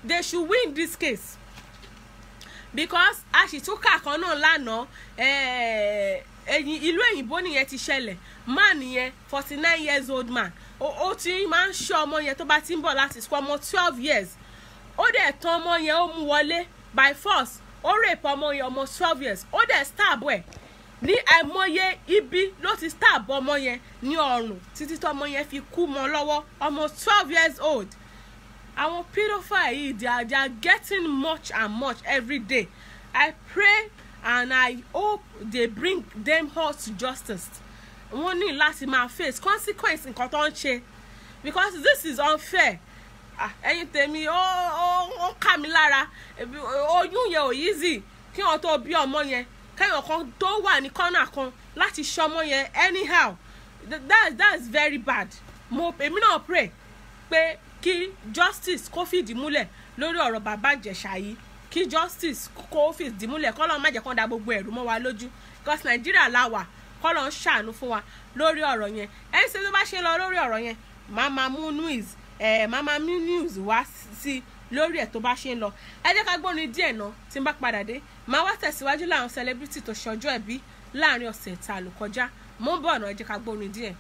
B: they should win this case because a sì tún kà kan náà lánàá ẹ̀yìn ìlú èyìnbó nìyẹn ti ṣẹlẹ̀ man yẹn forty nine years old man ó ti máa ń ṣọ́ ọmọ yẹn tó bá ti ń bọ̀ láti sọ ọmọ twelve years ó dẹ̀ tán ọmọ yẹn ó mú wọlé by force ó rape ọmọ yẹn ọmọ twelve years ó dẹ̀ stab ẹ̀ ní àìmọye ibi ló ti stab ọmọ yẹn ní ọrùn títí tọmọ yẹn fi kú mọ́ lọ́wọ́ ọmọ twelve years old àwọn pedophile yìí they are, they are getting much and much every day i pray and i hope they bring them all to justice wọ́n ní láti máa face consequence nǹkan tó ń ṣe because this is unfair ah, ẹ̀yin tèmi ó ó kà mí lára oyún yẹn ò easy kí wọ́n tó bí ọmọ yẹn kẹ́yìn kan tó wà ní kọ́nà kan láti ṣọmọ yẹn anyhow that that is very bad mo èmi náà pray pé kí justice kó fìdí múlẹ̀ lórí ọ̀rọ̀ bàbá ìjẹ̀ṣà yìí kí justice kó fìdí múlẹ̀ kọ́lọ́ má jẹ́ kó da gbogbo ẹ̀rù mọ́ wa lójú because nàìjíríà la wà kọ́ lọ́n ṣàánú fún wa lórí ọ̀rọ̀ yẹn ẹ̀ ń ṣe tó bá ṣe lọ lórí ọ̀rọ̀ yẹn màá máa news ẹ̀ màá máa mú news wá sí lórí ẹ̀ tó bá ṣe ń lọ ẹ jẹ́ ká gbóni díẹ̀ náà tí n bá padà dé màá wá tẹ̀síwájú láwọn celebrity tó ṣe ọjọ́ ẹ̀bí láàrin ọ̀sẹ̀ tá a lò kọjá mo ń bọ̀ ọ̀nà ẹ jẹ́ ká gbóni díẹ̀.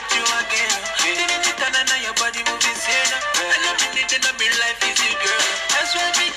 A: at you again. Didn't it turn on your body moving sane? And every day that i life is you, girl. That's why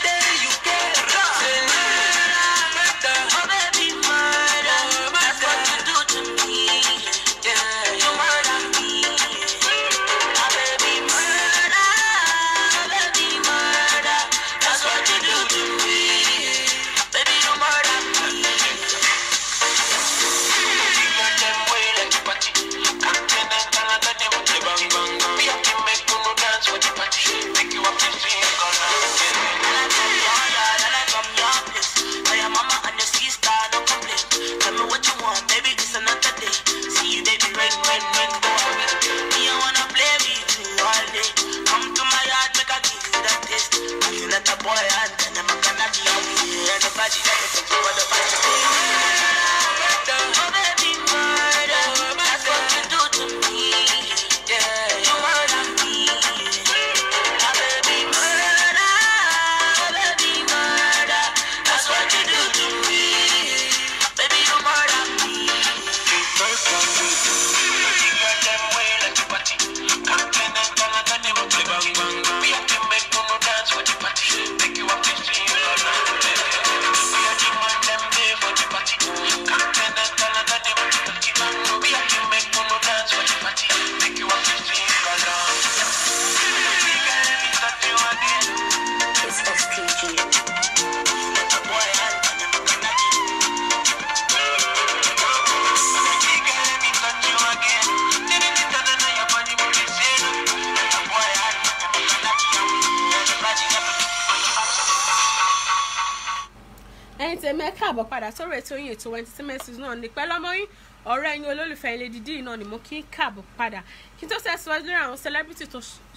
B: ẹ káàbọ̀ padà sórí ètò yín ètò entertainment news náà ní pẹ́ lọ́mọ yín ọ̀rẹ́ ẹ̀yin olólùfẹ́ ilé dídí náà ni mo kí ń káàbọ̀ padà kí n tó tẹ̀síwájú lórí àwọn celebrity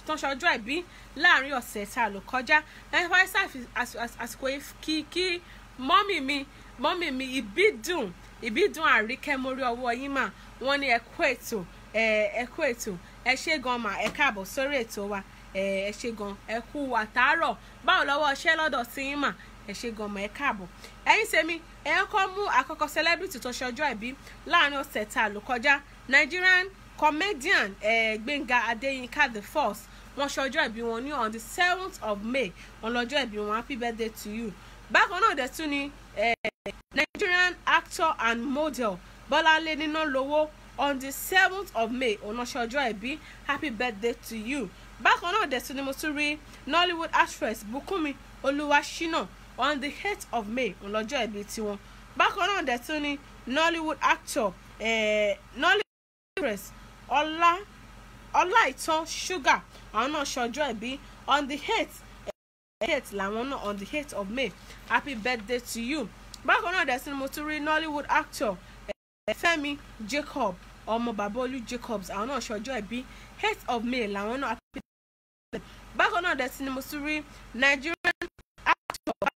B: tó ń ṣọjọ́ ìbí láàrin ọ̀sẹ̀ tá a lò kọjá ẹ fà ṣàfi àsìkò kí kí mọ́mì mi mọ́mì mi ìbídùn ìbídùn àríkẹ́ mórí ọwọ́ yín mà wọ́n ní ẹ kú ètò ẹ kú ètò ẹ ṣé gan mà ẹ káàbọ̀ sórí ètò wa ẹ ṣé gan ẹ kú àtàárọ̀ báwo lọ́wọ́ ṣẹ́ lọ́dọ̀ sí yín mà ẹ ṣe gan ọmọ ẹ káàbọ̀ ẹ̀yin sẹ́mi ẹ ń kọ́ mú àkọ́kọ́ celebrity tó ṣe ọjọ́ ìbí láàrin ọ̀sẹ̀ tá a lò kọjá Nigerian comedian eh, Gbénga Adéyínká the first wọ́n ṣe ọjọ́ ìbí wọn ní on the seventh of May wọ́n lọ́jọ́ wọn happy birthday to you bákan náà dẹ̀ tún ni Nigerian actor and model Bọ́láńlé Nínálowó on the seventh of May òun ṣe ọjọ́ happy birthday to you bákan náà dẹ̀ tún ni mo tún rí Nollywood actress Bùkúnmi Olúwaṣínà on the eight of may ńlọ́jọ́ ìbí tiwọn bákan náà dẹ̀ tún ní nollywood actor eh, nollywood actress ọlá ọláìtàn sugar àwọn náà ṣọjọ́ ìbí on the eight eh, eight làwọn náà on the eight of may happy birthday to you bákan náà dẹ̀ sí ni mo tún rí nollywood actor eh, fẹ́mi jacob ọmọ babaolu jacobs àwọn náà ṣọjọ́ ìbí eight of may làwọn náà happy birthday bákan náà dẹ̀ sí ni mo tún rí nigerian actor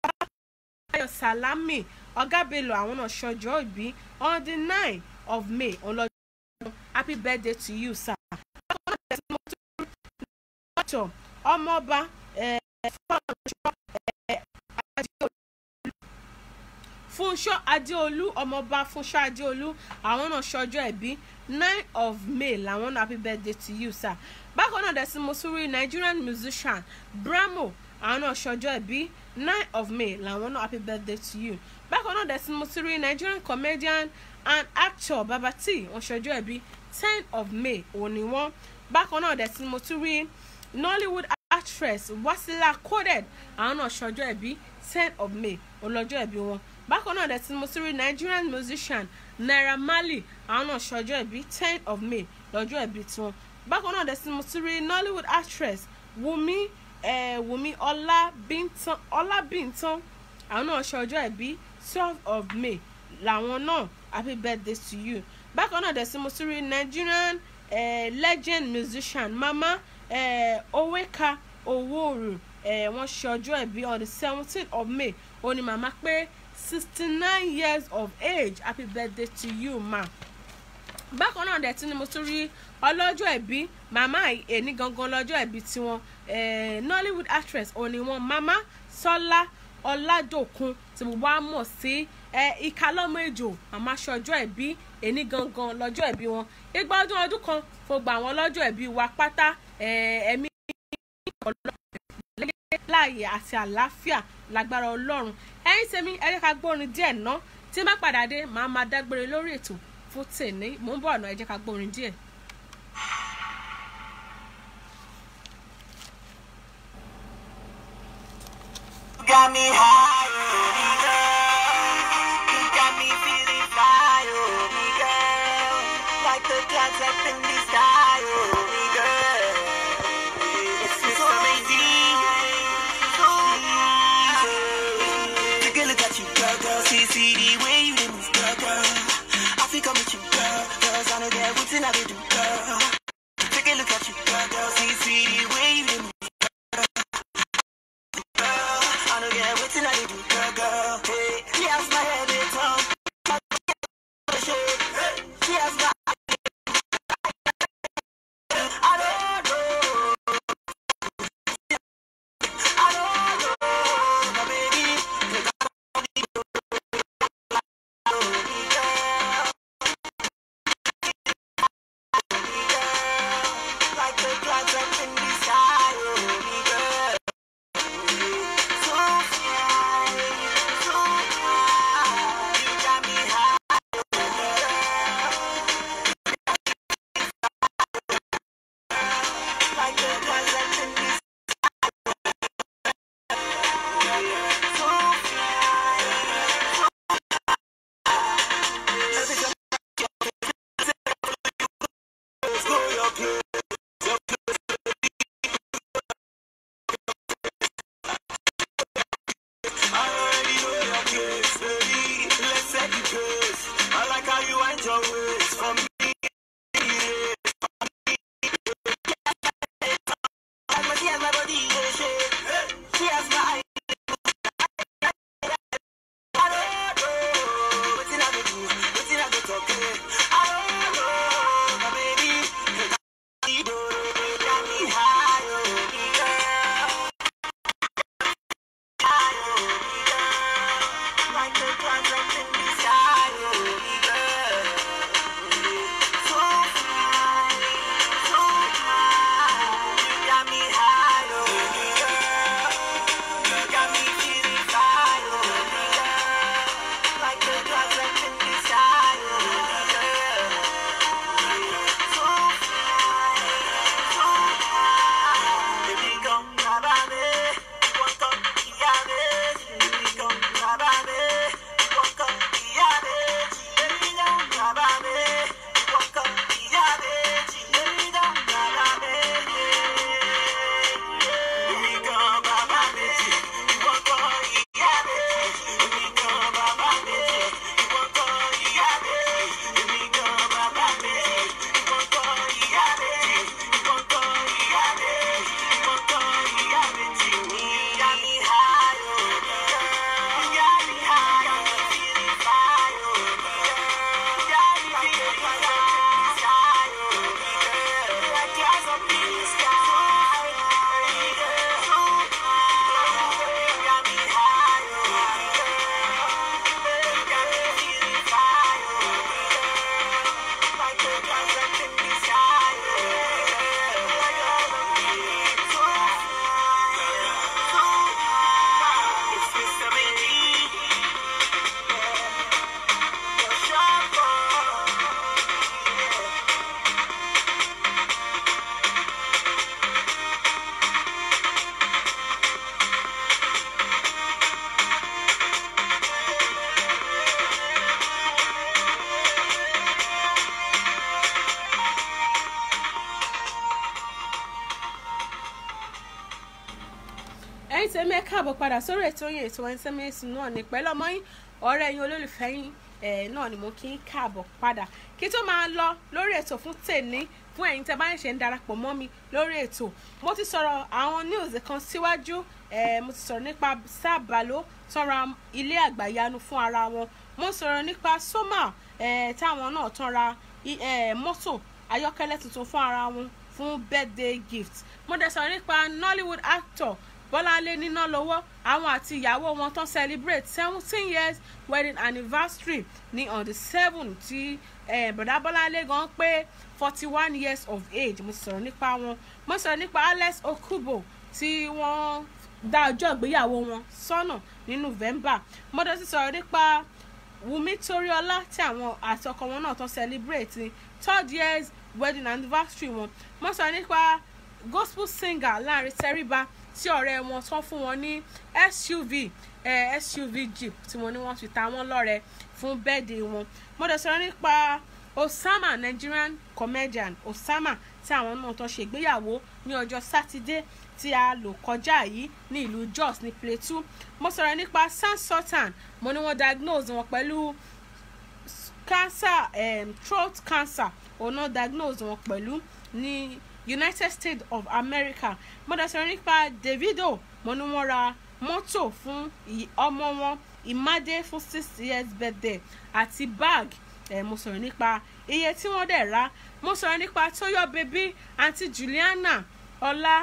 B: Báyọ̀ Sálámì Ọ̀gá Bello àwọn náà ṣọjọ́ ìbí on the nine of May ọlọ́jọ́ happy birthday to you sir. ọmọọba Fúnṣọ́ Adéolú ọmọọba Fúnṣọ́ Adéolú àwọn náà ṣọjọ́ ìbí nine of May làwọn náà happy birthday to you sir. bákan náà dẹ̀ sí mo tún rí Nigerian musician Bramo àwọn náà ṣọjọ́ ìbí nine of may làwọn náà happy birthday to you bákan náà dẹ̀sí mo ti rí nigerian comedian and actor baba t wọ́n ṣọjọ́ ẹ̀bí ten of may òní wọ́n bákan náà dẹ̀sí mo ti rí nollywood actress wasila coded àwọn náà ṣọjọ́ ẹ̀bí ten of may ọlọ́jọ́ ẹ̀bí wọn bákan náà dẹ̀sí mo ti rí nigerian musician naira marley àwọn náà ṣọjọ́ ẹ̀bí ten of may lọ́jọ́ ẹ̀bí tiwọn bákan náà dẹ̀sí mo ti rí nollywood actress wumi wùmí ọlábìntàn ọlábìntàn àwọn náà ṣe ọjọ́ ìbí twelve of may làwọn náà happy birthday to you bákan náà dẹ̀sí mo tún rí nigerian eh, legend musician mama eh, oweka owóoru eh, wọ́n ṣe ọjọ́ ìbí on the seventeen of may ó ní màmá pé sixty nine years of age happy birthday to you ma bákan náà dẹ̀ tí ni mo tún rí ọlọ́jọ́ ẹ̀bí màmá ẹni gangan lọ́jọ́ ẹ̀bí tiwọn eh, Nollywood actress òní wọn màmá Sọlá Ọládòkun tí gbogbo wa mọ̀ sí eh, Ìkálọ́mọ Ejò màmá ṣọjọ́ ẹ̀bí ẹni gangan lọ́jọ́ ẹ̀bí wọn igba ọdún ọdún kan fògbà àwọn lọ́jọ́ ẹ̀bí wa pátá eh, ẹ̀mí láàyè àti àlàáfíà lágbára Ọlọ́run ẹ̀yin tèmi ẹ jẹ́ ká gbórin díẹ̀ ná tí má padà dé màá máa dágbére lórí ètò fún tèmi mò ń bọ̀ ọ̀nà ẹ jẹ́ ká gbórin díẹ̀.
E: Got me high.
B: sórí ètò yín ètò ẹni sẹ́mi èsì náà ní pẹ̀lú ọmọ yín ọ̀rẹ́ yín olólùfẹ́ yín náà ni mo kí ń káàbọ̀ padà kí tó máa lọ lórí ètò fún tèmi fún ẹ̀yin tẹ́ bá ń ṣe ń darapọ̀ mọ́ mi lórí ètò mo ti sọ̀rọ̀ àwọn news kan síwájú mo ti sọ̀rọ̀ nípa sábàló tọ́ra ilé àgbàyanu fún ara wọn mo sọ̀rọ̀ nípa soma táwọn náà tọ́ra mọ́tò ayọ́kẹ́lẹ́ tuntun fún ara wọn fún birthday gift mo dẹ̀ sọ̀rọ̀ nípa Nollywood actor bọ́láńlé níná lọ́wọ́ àwọn àti ìyàwó wọn tán celebrate seventeen years wedding anniversary ní on the seven tí eh, bọ̀dá bọ́láńlé gan pé forty one years of age mo sọ̀rọ̀ nípa wọn mo sọ̀rọ̀ nípa alex okubo tí wọ́n dá ọjọ́ ìgbéyàwó wọn sọ́nà ní november mo dọ́ sí sọ̀rọ̀ nípa wumi toriola tí àwọn àti ọkọ wọn náà tán celebrate ní third years wedding anniversary wọn mo sọ̀rọ̀ nípa gospel singer láàrin tẹríba tí ọ̀rẹ́ wọn tán fún wọn ní SUV eh, SUV jeep tí wọ́n ní wọ́n fi ta wọ́n lọ́rẹ fún bẹ́ẹ̀dì wọn mo dẹ̀ sọ̀rọ̀ nípa Osama Nigerian comedian Osama tí àwọn náà tó ṣe ìgbéyàwó ní ọjọ́ sátidé tí a lò kọjá yìí ní ìlú Jos ní Plateau mo sọ̀rọ̀ nípa San Sultan mo ní wọ́n diagnose wọn pẹ̀lú cancer um, throat cancer òun náà diagnose wọn pẹ̀lú ní united states of america mo dẹ̀ sọ̀rọ̀ nípa davido mo ní wọ́n ra mọ́tò fún ọmọ wọn ìmádé fún six years birthday àti bag eh, mo sọ̀rọ̀ nípa iye tí wọ́n dẹ̀ ra mo sọ̀rọ̀ nípa toyo baby àti juliana ọlá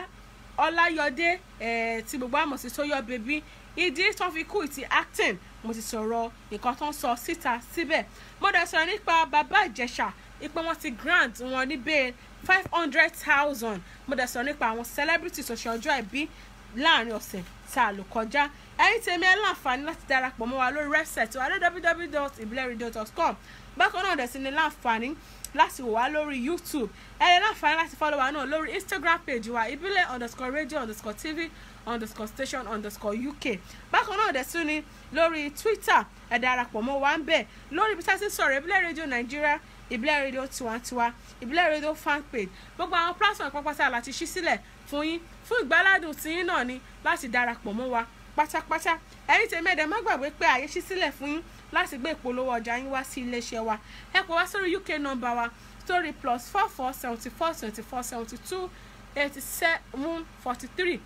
B: ọláyọdé eh, tí gbogbo àmọ̀ sí toyo baby ìdí tó fi kú ìtì acting mo ti sọ̀rọ̀ nǹkan tó ń sọ síta síbẹ̀ mo dẹ̀ sọ̀rọ̀ nípa bàbá ìjẹ̀ṣà ipe wọn ti grant wọn ní bail five hundred thousand mo dẹ̀ sọ nípa àwọn celebrity tó ṣe ọjọ́ ìbí láàrin ọ̀sẹ̀ tá a lò kọjá ẹ̀yin tèmi ẹ láǹfààní láti darapọ̀ mọ́ wa lórí wẹ́bsáìtì wa lórí www.ibilerindo.com bákan náà dẹ̀ sì ni láǹfààní láti wò wá lórí youtube ẹ lè láǹfààní láti fọ́lọ́ wa náà lórí instagram page wa ìbílẹ̀ underscore radio underscore tv underscore station underscore uk bákan náà dẹ̀ sì ni lórí twitter ẹ darapọ̀ mọ́ wa ń bẹ̀ lórí ibi tá sọ̀rọ̀ ìbílẹ̀ radio nigeria ìbílẹ̀ rédíò tiwantiwa ìbílẹ̀ rédíò fanpage gbogbo àwọn platform pápátá láti ṣí sílẹ̀ fún yín fún ìgbáládùn tiyín náà ni láti darapọ̀ mọ́ wa pátápátá ẹ̀yin tèmi ẹ̀dẹ̀ má gbàgbé pé àyè ṣí sílẹ̀ fún yín láti gbé ìpolówó ọjà yín wá sí iléeṣẹ́ wa ẹ pè wá sórí uk nọ́mbà wa story plus four four seventy four seventy four seventy two eighty seven forty three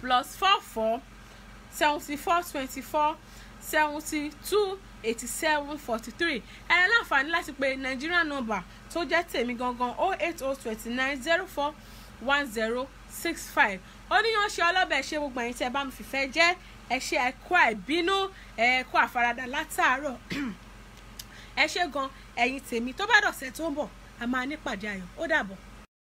B: plus four four seventy four twenty four seventy two eighty seven forty three ẹ lè láǹfààní láti pe nàìjíríà nọ́mbà tó jẹ́ tèmi gangan o oh eight o oh twenty nine zero four one zero six five oníyanṣe ọlọ́bẹ̀ ṣe gbogbo ẹ̀yin tẹ́ ẹ bá mi fìfẹ́ jẹ́ ẹ ṣe ẹ kú àìbínú ẹ kú àfaradà látàárọ̀ <clears throat> ẹ ṣe gan ẹ̀yin tèmi tó bá dọ̀sẹ̀ tó ń bọ̀ a máa nípàdé ayọ̀ ó dàbọ̀.